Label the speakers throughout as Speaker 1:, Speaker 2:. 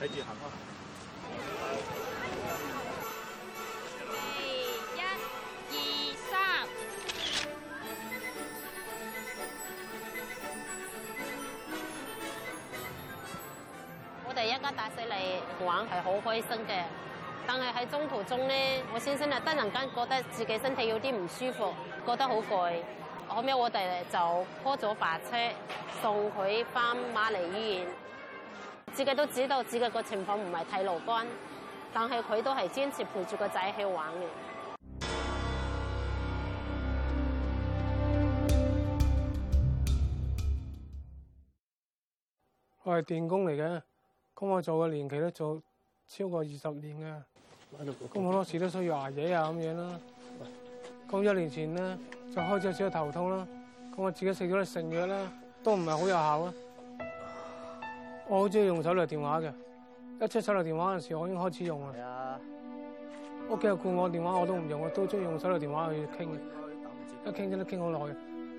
Speaker 1: 睇
Speaker 2: 住行咯。第、啊、 一、二、三，
Speaker 3: 我哋一家大細嚟玩係好開心嘅。但係喺中途中咧，我先生啊突然間覺得自己身體有啲唔舒服，覺得好攰。後尾我哋就開咗白車送佢翻瑪麗醫院。自己都知道自己個情況唔係太樂觀，但係佢都係堅持陪住個仔去玩嘅。
Speaker 4: 我係電工嚟嘅，咁我做嘅年期都做超過二十年嘅，咁好 多時都需要捱夜啊咁樣啦。咁一年前咧就開始有少少頭痛啦，咁我自己食咗啲成藥啦，都唔係好有效啦。我好中意用手提電話嘅，一出手提電話嗰陣時，我已經開始用啦。屋企人顧我電話我都唔用，我都中意用手提電話去傾。Yeah. 一傾傾都傾好耐嘅，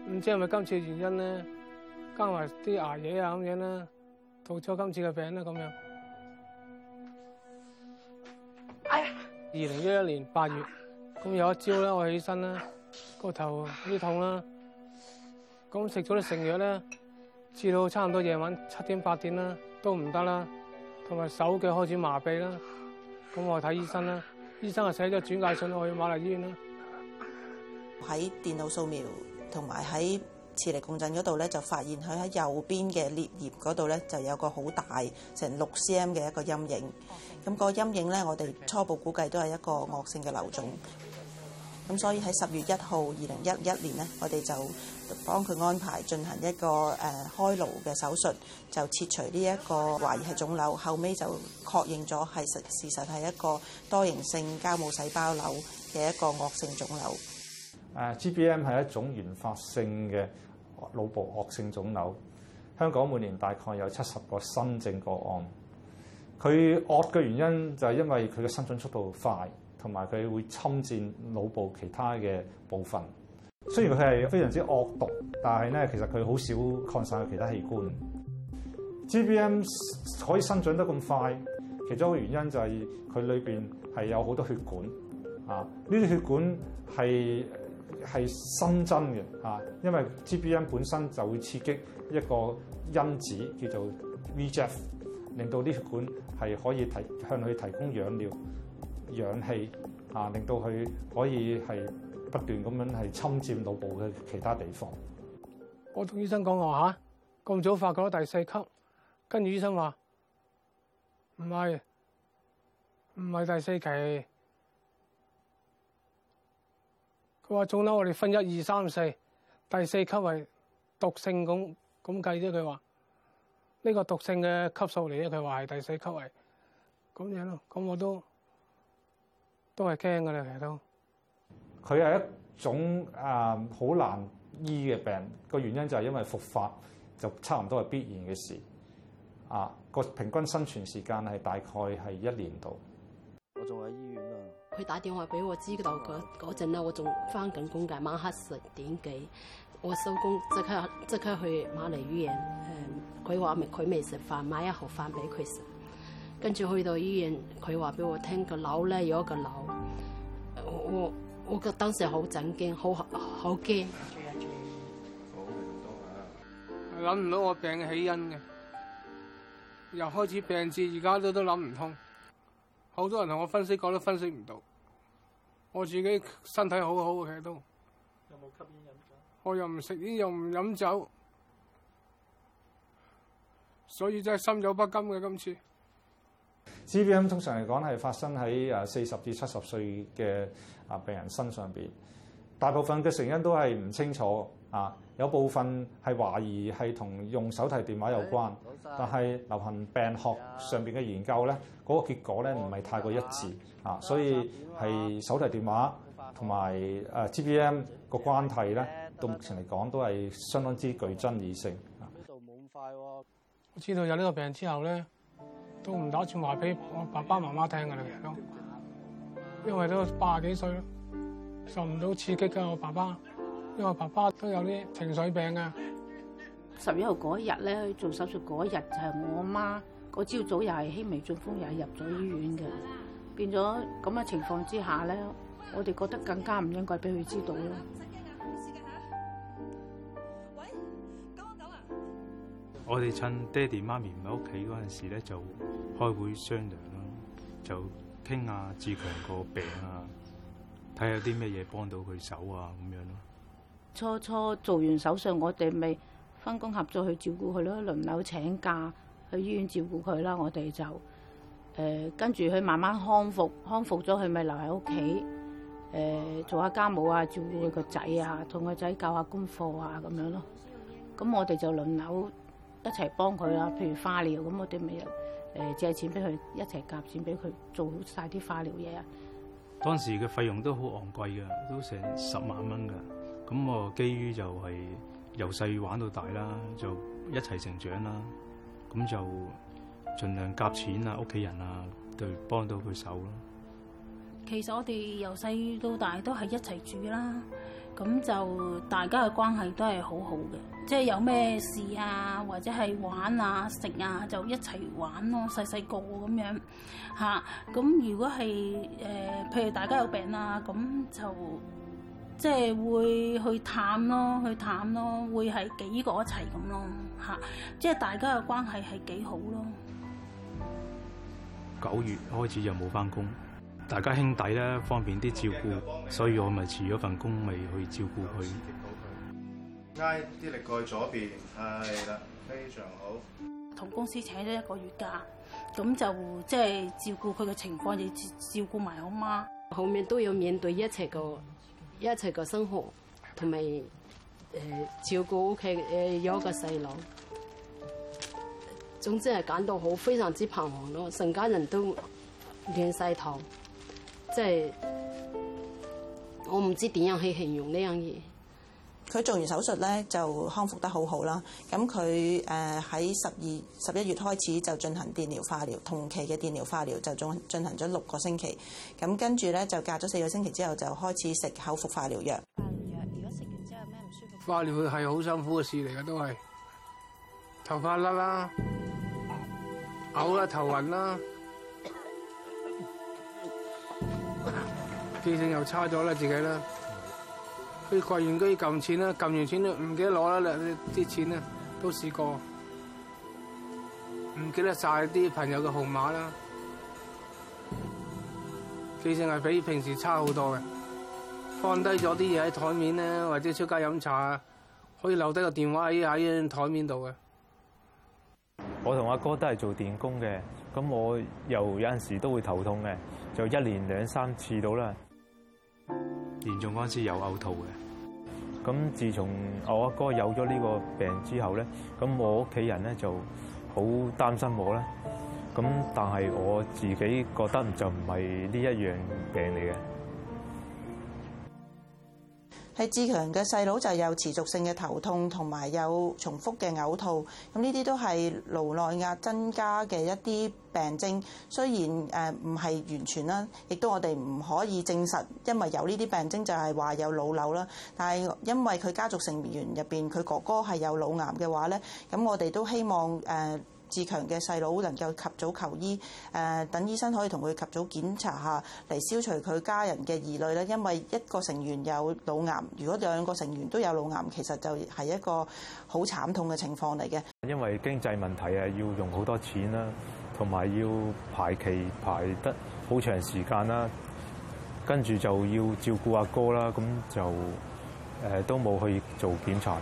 Speaker 4: 唔知係咪今次原因咧，加埋啲捱夜啊咁樣啦，導致咗今次嘅病啦、啊、咁樣。二零一一年八月，咁有一朝咧，我起身啦，個頭有啲痛啦，咁食咗啲成藥咧。至到差唔多夜晚七點八點啦，都唔得啦，同埋手腳開始麻痹啦，咁我睇醫生啦，醫生就寫咗轉介信去瑪麗醫院啦。喺電腦掃描同埋喺磁力共振嗰度咧，就發現
Speaker 5: 佢喺右邊嘅裂葉嗰度咧就有個好大成六 cm 嘅一個陰影，咁個陰影咧，我哋初步估計都係一個惡性嘅瘤腫。咁所以喺十月一號二零一一年咧，我哋就幫佢安排進行一個誒、呃、開顱嘅手術，就切除呢一個懷疑係腫瘤，後尾就確認咗係實事實係一個多型性膠母細胞瘤嘅一個惡性腫
Speaker 1: 瘤。誒、uh, GBM 係一種原發性嘅腦部惡性腫瘤，香港每年大概有七十個新症個案。佢惡嘅原因就係因為佢嘅生長速度快。同埋佢會侵佔腦部其他嘅部分。雖然佢係非常之惡毒，但係咧其實佢好少擴散去其他器官。GBM 可以生長得咁快，其中一個原因就係佢裏邊係有好多血管啊。呢啲血管係係新增嘅啊，因為 GBM 本身就會刺激一個因子叫做 VEGF，令到啲血管係可以提向佢提供養料。氧氣嚇，令到佢可以係不斷咁樣係侵佔腦部嘅其他地方。
Speaker 4: 我同醫生講，話吓咁早發覺咗第四級，跟住醫生話唔係，唔係第四期，佢話總之我哋分一二三四，第四級為毒性咁咁計啫。佢話呢個毒性嘅級數嚟啫，佢話係第四級嚟，咁樣咯，咁我都。都係驚㗎啦，其實都。
Speaker 1: 佢係一種啊好、呃、難醫嘅病，個原因就係因為復發就差唔多係必然嘅事。啊，個平均生存時間係大概係一年度。我仲喺醫院
Speaker 3: 啊！佢打電話俾我知道嗰嗰陣，我仲翻緊工嘅，晚黑十點幾，我收工即刻即刻去瑪麗醫院。誒、呃，佢話未，佢未食飯，買一盒飯俾佢食。跟住去到醫院，佢話俾我聽，這個瘤咧，有一個瘤，我我我當時好震驚，好好
Speaker 4: 驚。諗唔到我病嘅起因嘅，又開始病至而家都都諗唔通，好多人同我分析，個個都分析唔到。我自己身體好好嘅都，有冇吸煙飲酒？我又唔食煙又唔飲酒，所以真係心有不甘嘅今次。
Speaker 1: GBM 通常嚟講係發生喺誒四十至七十歲嘅啊病人身上邊，大部分嘅成因都係唔清楚啊。有部分係懷疑係同用手提電話有關，但係流行病學上邊嘅研究咧，嗰、那個結果咧唔係太過一致啊。所以係手提電話同埋誒 GBM 個關係咧，到目前嚟講都係相當之具爭議性啊。呢度冇咁
Speaker 4: 快喎。知道有呢個病之後咧。都唔打算話俾我爸爸媽媽聽噶啦，其實都，因為都八十幾歲咯，受唔到刺激噶我爸爸，因為我爸爸都有啲情緒病噶。十
Speaker 6: 一號嗰一日咧，做手術嗰一日就係我媽嗰朝早又係輕微中風，又係入咗醫院嘅。變咗咁嘅情況之下咧，我哋覺得更加唔應該俾佢知道咯。
Speaker 7: 我哋趁爹哋媽咪唔喺屋企嗰陣時咧，就開會商量咯，就傾下志強個病啊，睇下啲咩嘢幫到佢手啊咁樣咯。
Speaker 6: 初初做完手術，我哋咪分工合作去照顧佢咯，輪流請假去醫院照顧佢啦。我哋就誒跟住佢慢慢康復，康復咗佢咪留喺屋企誒做下家務啊，照顧佢個仔啊，同個仔教下功課啊咁樣咯。咁我哋就輪流。一齊幫佢啦，譬如化療咁，我哋咪又誒借錢俾佢，一齊夾錢俾佢做好晒啲化療嘢啊！
Speaker 7: 當時嘅費用都好昂貴㗎，都成十萬蚊㗎。咁我基於就係由細玩到大啦，就一齊成長啦。咁就盡量夾錢啊，屋企人啊，對幫到佢手咯。
Speaker 3: 其實我哋由細到大都係一齊住啦。咁就大家嘅關係都係好好嘅，即係有咩事啊，或者係玩啊、食啊，就一齊玩咯，細細個咁樣吓。咁、啊、如果係誒、呃，譬如大家有病啊，咁就即係會去探咯，去探咯，會係幾個一齊咁咯吓、啊。即係大家嘅關係係幾好咯。
Speaker 7: 九月開始就冇翻工。大家兄弟咧，方便啲照顧，所以我咪辭咗份工，未去照顧佢。挨啲力過去左邊，係
Speaker 4: 啦，非常好。
Speaker 3: 同公司請咗一個月假，咁就即係照顧佢嘅情況， 要照顧埋我媽。後面都要面對一齊個一齊嘅生活，同埋誒照顧屋企誒有個細佬。總之係感到好非常之彷徨咯，成家人都亂晒頭。即係我唔知點
Speaker 5: 樣去形容呢樣嘢。佢做完手術咧就康復得好好啦。咁佢誒喺十二十一月開始就進行電療化療，同期嘅電療化療就做進行咗六個星期。咁跟住咧就隔咗四個星期之後就開始食口服化
Speaker 4: 療藥。化
Speaker 3: 療藥如果食
Speaker 4: 完之後咩唔舒服？化療係好辛苦嘅事嚟嘅都係，頭髮甩啦，嘔啦，頭暈啦。記性又差咗啦，自己啦，去櫃員機撳錢啦，撳完錢都唔記得攞啦，啲錢啦，都試過，唔記得晒啲朋友嘅號碼啦，記性係比平時差好多嘅。放低咗啲嘢喺台面咧，或者出街飲茶，可以留低個電話喺喺台面度嘅。
Speaker 7: 我同阿哥都係做電工嘅，咁我又有陣時都會頭痛嘅，就一年兩三次到啦。嚴重嗰陣時有嘔吐嘅，咁自從我阿哥哥有咗呢個病之後咧，咁我屋企人咧就好擔心我啦。咁但係我自己覺得就唔係呢一樣病嚟嘅。
Speaker 5: 係志強嘅細佬就有持續性嘅頭痛同埋有，有重複嘅嘔吐，咁呢啲都係腦內壓增加嘅一啲病徵。雖然誒唔係完全啦，亦都我哋唔可以證實，因為有呢啲病徵就係話有腦瘤啦。但係因為佢家族成員入邊佢哥哥係有腦癌嘅話咧，咁我哋都希望誒。呃志強嘅細佬能夠及早求醫，誒、呃、等醫生可以同佢及早檢查下，嚟消除佢家人嘅疑慮咧。因為一個成員有腦癌，如果兩個成員都有腦癌，其實就係一個好慘痛嘅情況嚟嘅。
Speaker 7: 因為經濟問題啊，要用好多錢啦，同埋要排期排得好長時間啦，跟住就要照顧阿哥啦，咁就誒、呃、都冇去做檢查。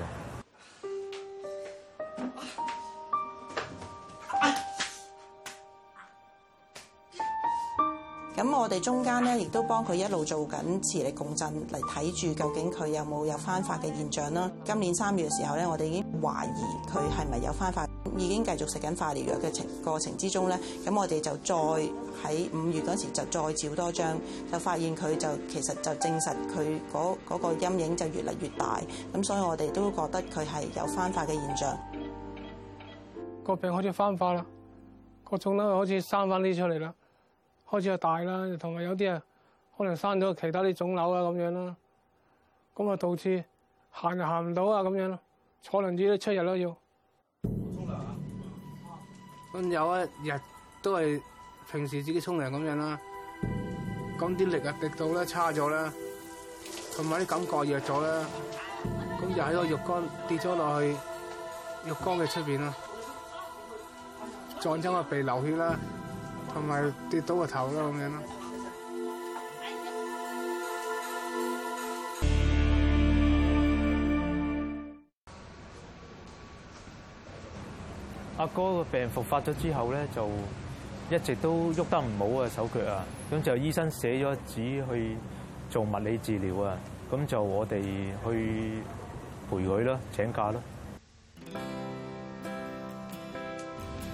Speaker 5: 我哋中間咧，亦都幫佢一路做緊磁力共振嚟,睇住究竟佢有冇有翻發嘅現象啦。今年三月嘅時候咧，我哋已經懷疑佢係咪有翻發，已經繼續食緊化療藥嘅程過程之中咧。咁我哋就再喺五月嗰時就再照多張，就發現佢就其實就證實佢嗰嗰個陰影就越嚟越大。咁所以我哋都覺得佢係有翻發嘅現象。
Speaker 4: 個病好似翻發啦，個腫瘤好似生翻啲出嚟啦。開始啊大啦，同埋有啲啊可能生咗其他啲腫瘤啊咁樣啦，咁啊導致行就行唔到啊咁樣咯，坐輪椅都七日啦要。沖涼啊！咁有一日都係平時自己沖涼咁樣啦，咁啲力啊滴到咧差咗啦，同埋啲感覺弱咗啦。咁又喺個浴缸跌咗落去浴缸嘅出邊啦，撞親個鼻流血啦。咪跌到個頭咯咁
Speaker 7: 樣咯。阿哥個病復發咗之後咧，就一直都喐得唔好啊，手腳啊。咁就醫生寫咗紙去做物理治療啊。咁就我哋去陪佢咯，請假咯。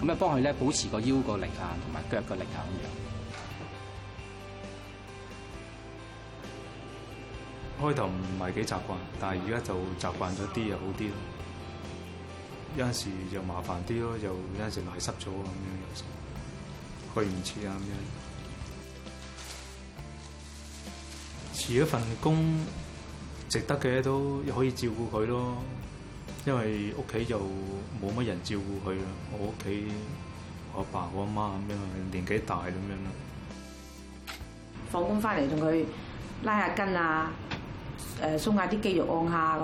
Speaker 7: 咁啊，幫佢咧保持個腰個力啊，同埋腳個力啊咁樣。開頭唔係幾習慣，但係而家就習慣咗啲又好啲。有陣時又麻煩啲咯，又有陣時落嚟濕咗啊咁樣，去唔切啊咁樣。辭一份工，值得嘅都可以照顧佢咯。因為屋企就冇乜人照顧佢啦，我屋企我阿爸我阿媽咁樣，年紀大咁樣啦。
Speaker 6: 放工翻嚟同佢拉下筋啊，誒、呃、鬆下啲肌肉按，按下咁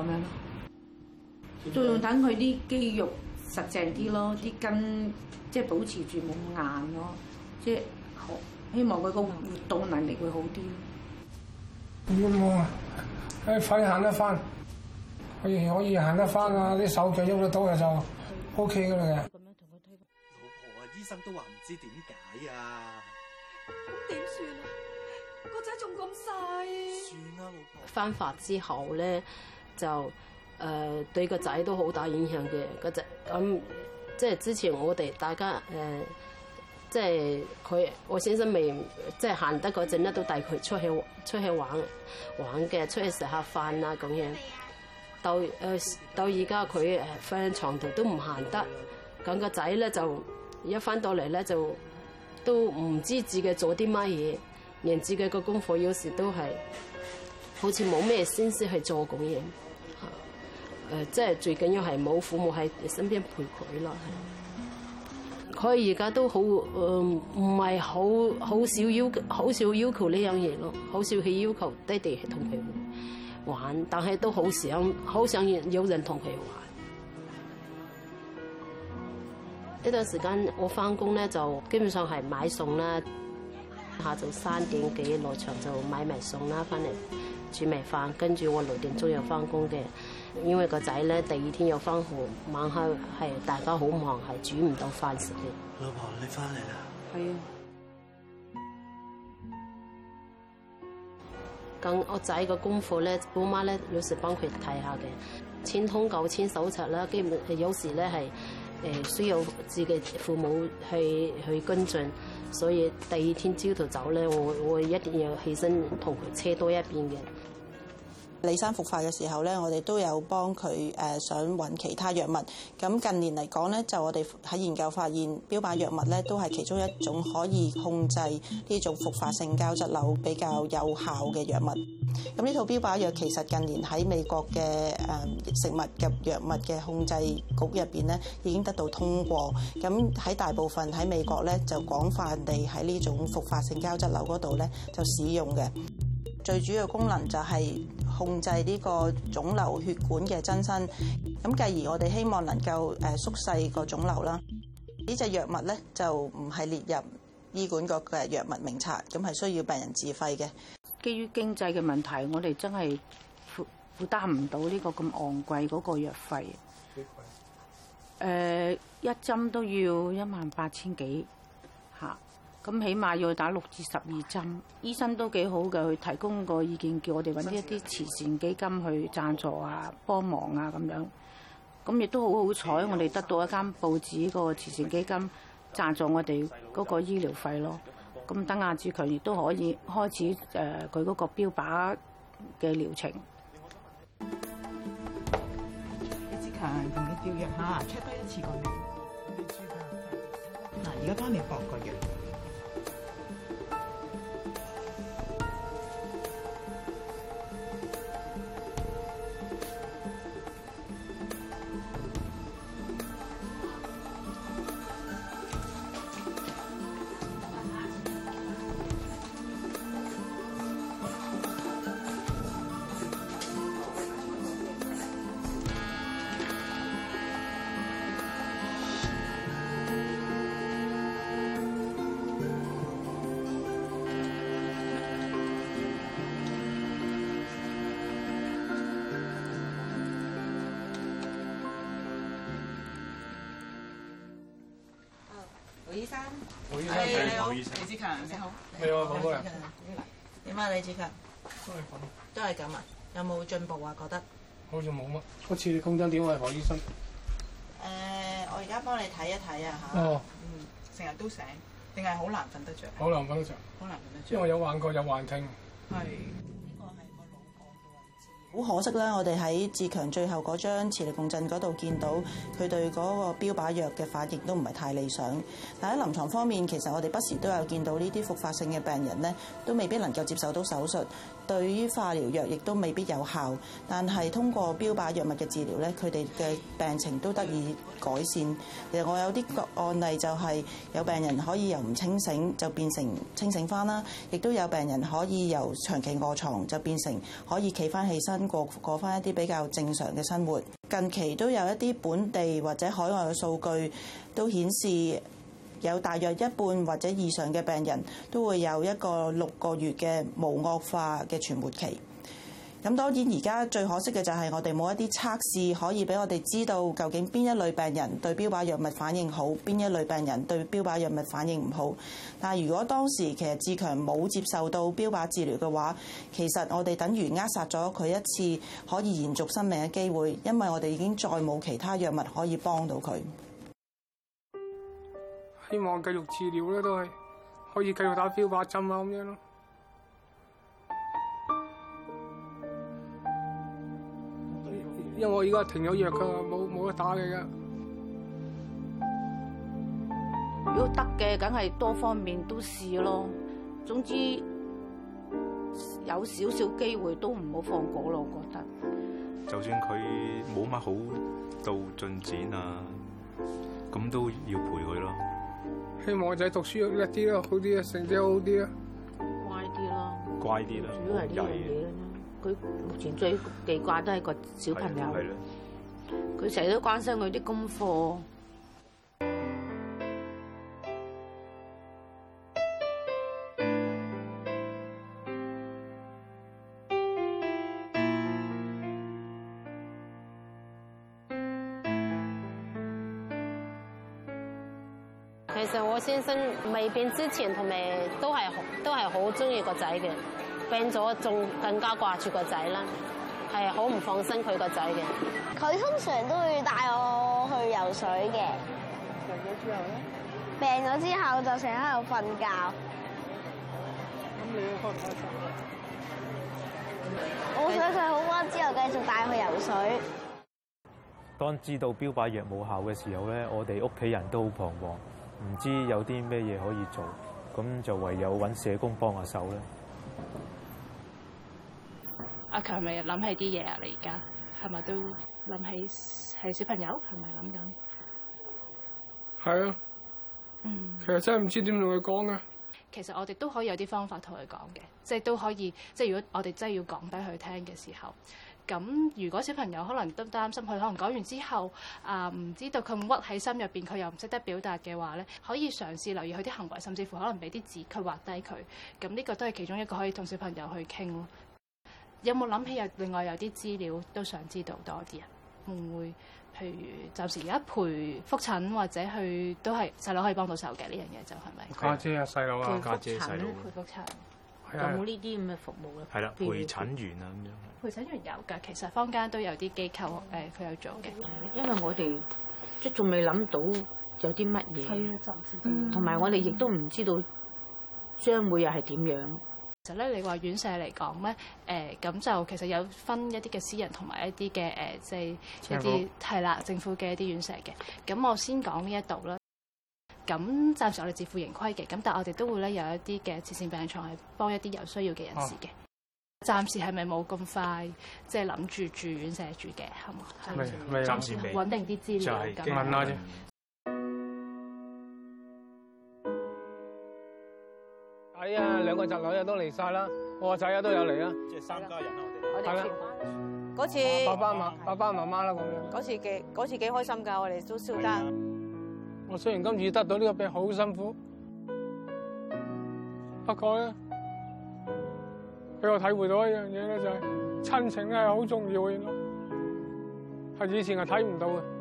Speaker 6: 樣，
Speaker 3: 仲要等
Speaker 6: 佢啲肌肉實淨啲咯，啲、嗯、筋即係保持住冇咁硬咯，即係希望佢個活動能力會好
Speaker 4: 啲咯。希望啊，誒、嗯嗯嗯、快行得翻。可以行得翻啊！啲手腳喐得多就 O K 噶啦～咁樣同佢推。老婆啊，醫生都話唔知點解
Speaker 2: 啊！咁點算啊？個仔仲咁細。算啦，老婆。翻
Speaker 3: 發之後咧，就誒、呃、對個仔都好大影響嘅個仔。咁即係之前我哋大家誒，即係佢我先生未即係、就是、行得嗰陣咧，都帶佢出去出去玩玩嘅，出去食下飯啊咁樣。到誒到而家佢誒瞓喺床度都唔行得，咁個仔咧就一翻到嚟咧就都唔知自己做啲乜嘢，連自己個功課有時都係好似冇咩心思去做咁嘢。吓誒，即係最緊要係冇父母喺身邊陪佢咯。係佢而家都好誒，唔係好好少要好少要求呢樣嘢咯，好少去要，要求爹哋同佢。玩，但係都好想，好想有人同佢玩。呢 段時間我翻工咧，就基本上係買餸啦。下晝三點幾落場就買埋餸啦，翻嚟煮埋飯，跟住我六點鐘又翻工嘅。因為個仔咧，第二天又翻學，晚黑係大家好忙，係煮唔到飯食
Speaker 4: 嘅。老婆你翻嚟啦？係啊。
Speaker 3: 咁個仔嘅功課咧，姑媽咧有時幫佢睇下嘅，簽通九千手冊啦，基本有時咧係誒需要自己父母去去跟進，所以第二天朝頭早咧，我我一定要
Speaker 5: 起身同佢車多一邊嘅。李生復發嘅時候咧，我哋都有幫佢誒想揾其他藥物。咁近年嚟講咧，就我哋喺研究發現，標靶藥物咧都係其中一種可以控制呢種復發性膠質瘤比較有效嘅藥物。咁呢套標靶藥其實近年喺美國嘅誒食物及藥物嘅控制局入邊咧已經得到通過。咁喺大部分喺美國咧就廣泛地喺呢種復發性膠質瘤嗰度咧就使用嘅。最主要功能就係控制呢個腫瘤血管嘅增生，咁繼而我哋希望能夠誒、呃、縮細個腫瘤啦。呢隻藥物咧就唔係列入醫管局嘅藥物名冊，咁係需要病人自費嘅。基於經濟嘅問題，我哋真係負負擔唔到呢個咁昂
Speaker 6: 貴嗰個藥費
Speaker 4: 責、
Speaker 6: 呃。一針都要一萬八千幾，嚇。咁起碼要打六至十二針，醫生都幾好嘅，佢提供個意見叫我哋揾一啲慈善基金去贊助啊、幫忙啊咁樣。咁亦都好好彩，我哋得到一間報紙個慈善基金贊助我哋嗰個醫療費咯。咁、嗯、等阿志強亦都可以開始誒佢嗰個標靶嘅療程。志強同你吊藥嚇，check 一次個名。嗱， 而家幫你放個藥。
Speaker 5: 醫生，醫生，李李好，李志強你好，係我講嗰人。點啊，李志強？ 子都係咁，都係咁啊？有冇進步啊？覺得有有？
Speaker 4: 好似冇乜。嗰次你工資點啊？何醫生？誒、呃，
Speaker 5: 我而家幫你睇一睇啊嚇。哦。嗯，成日都醒，定係好難瞓得着？好難瞓得着？好難瞓得著。得
Speaker 4: 著因為我有幻覺，有幻聽。係。
Speaker 5: 好可惜啦，我哋喺志強最後嗰張磁力共振嗰度見到佢對嗰個標靶藥嘅反應都唔係太理想。但喺臨床方面，其實我哋不時都有見到呢啲復發性嘅病人咧，都未必能夠接受到手術。對於化療藥亦都未必有效，但係通過標靶藥物嘅治療咧，佢哋嘅病情都得以改善。其實我有啲個案例就係有病人可以由唔清醒就變成清醒翻啦，亦都有病人可以由長期臥床就變成可以企翻起身過過翻一啲比較正常嘅生活。近期都有一啲本地或者海外嘅數據都顯示。有大約一半或者以上嘅病人都會有一個六個月嘅無惡化嘅存活期。咁當然而家最可惜嘅就係我哋冇一啲測試可以俾我哋知道究竟邊一類病人對標靶藥物反應好，邊一類病人對標靶藥物反應唔好。但係如果當時其實志強冇接受到標靶治療嘅話，其實我哋等於扼殺咗佢一次可以延續生命嘅機會，因為我哋已經再冇其他藥物可以幫到佢。
Speaker 4: 希望繼續治療啦，都係可以繼續打標靶針啊，咁樣咯。因為我而家停咗藥噶，冇冇得打你嘅。
Speaker 6: 如果得嘅，梗係多方面都試咯。總之有少少機會都唔好放過咯，我覺得。
Speaker 7: 就算佢冇乜好到進展啊，咁都要陪佢咯。
Speaker 4: 希望我仔讀書叻啲咯，好啲啊，成績好啲啊，
Speaker 7: 乖啲咯，乖啲啦，主要係呢樣嘢。
Speaker 4: 佢目前最奇怪都係個小朋友，
Speaker 6: 佢成日都關心佢啲功課。
Speaker 3: 先生未病之前，同埋都係都係好中意個仔嘅。病咗仲更加掛住個仔啦，係好唔放心佢個仔嘅。
Speaker 1: 佢、嗯、通常都會帶我去游水嘅。病咗之後
Speaker 4: 咧？病咗之後就成日喺度瞓覺。咁你開唔開心啊？我想佢好翻之後，嗯、之後繼續帶佢游水。
Speaker 7: 當知道標靶藥冇效嘅時候咧，我哋屋企人都好彷徨。唔知有啲咩嘢可以做，咁就唯有揾社工幫下手咧。
Speaker 2: 阿強咪諗起啲嘢啊！你而家係咪都諗起係小朋友？係咪諗緊？
Speaker 4: 係啊。嗯。其實真係唔知點同佢講啊。
Speaker 2: 其實我哋都可以有啲方法同佢講嘅，即係都可以。即係如果我哋真係要講俾佢聽嘅時候。咁如果小朋友可能都擔心，佢可能講完之後啊，唔知道佢會屈喺心入邊，佢又唔識得表達嘅話咧，可以嘗試留意佢啲行為，甚至乎可能俾啲紙佢畫低佢。咁呢個都係其中一個可以同小朋友去傾咯。有冇諗起有另外有啲資料都想知道多啲啊？會唔會譬如暫時而家陪覆診或者去都係細佬可以幫到手嘅呢樣嘢就係咪？家姐啊，細佬啊，家姐細佬。陪有冇呢啲咁嘅服務啊？係啦，陪診
Speaker 7: 員啊咁樣。
Speaker 2: 陪診員有㗎，其實坊間都有啲機構誒，佢、嗯呃、有做嘅。因為我哋即仲未諗到有啲乜嘢，係啊，暫時。嗯。同埋我哋亦
Speaker 6: 都唔知道
Speaker 2: 將會又係點樣。其實咧，你話院舍嚟講咧，誒、呃、咁就其實有分一啲嘅私人同埋一啲嘅誒，即係一啲係啦，政府嘅一啲院舍嘅。咁我先講呢一度啦。咁暫時我哋自負盈虧嘅，咁但係我哋都會咧，有一啲嘅慈善病床，係幫一啲有需要嘅人士嘅。暫時係咪冇咁快，即係諗住住院社住嘅，係咪？暫時未搵定啲資料咁。搵定啲資料。就係驚
Speaker 4: 緊啫。仔啊，兩個侄女也都嚟晒啦，我個仔啊都有嚟啦，即係三家人我哋。我哋。嗰次爸爸媽、爸爸媽媽啦咁樣。
Speaker 6: 嗰次幾嗰次幾開心㗎，我哋都笑得。
Speaker 4: 我雖然今次得到呢個病好辛苦，不過呢，俾我體會到一樣嘢咧，就係親情咧係好重要嘅，係以前係睇唔到嘅。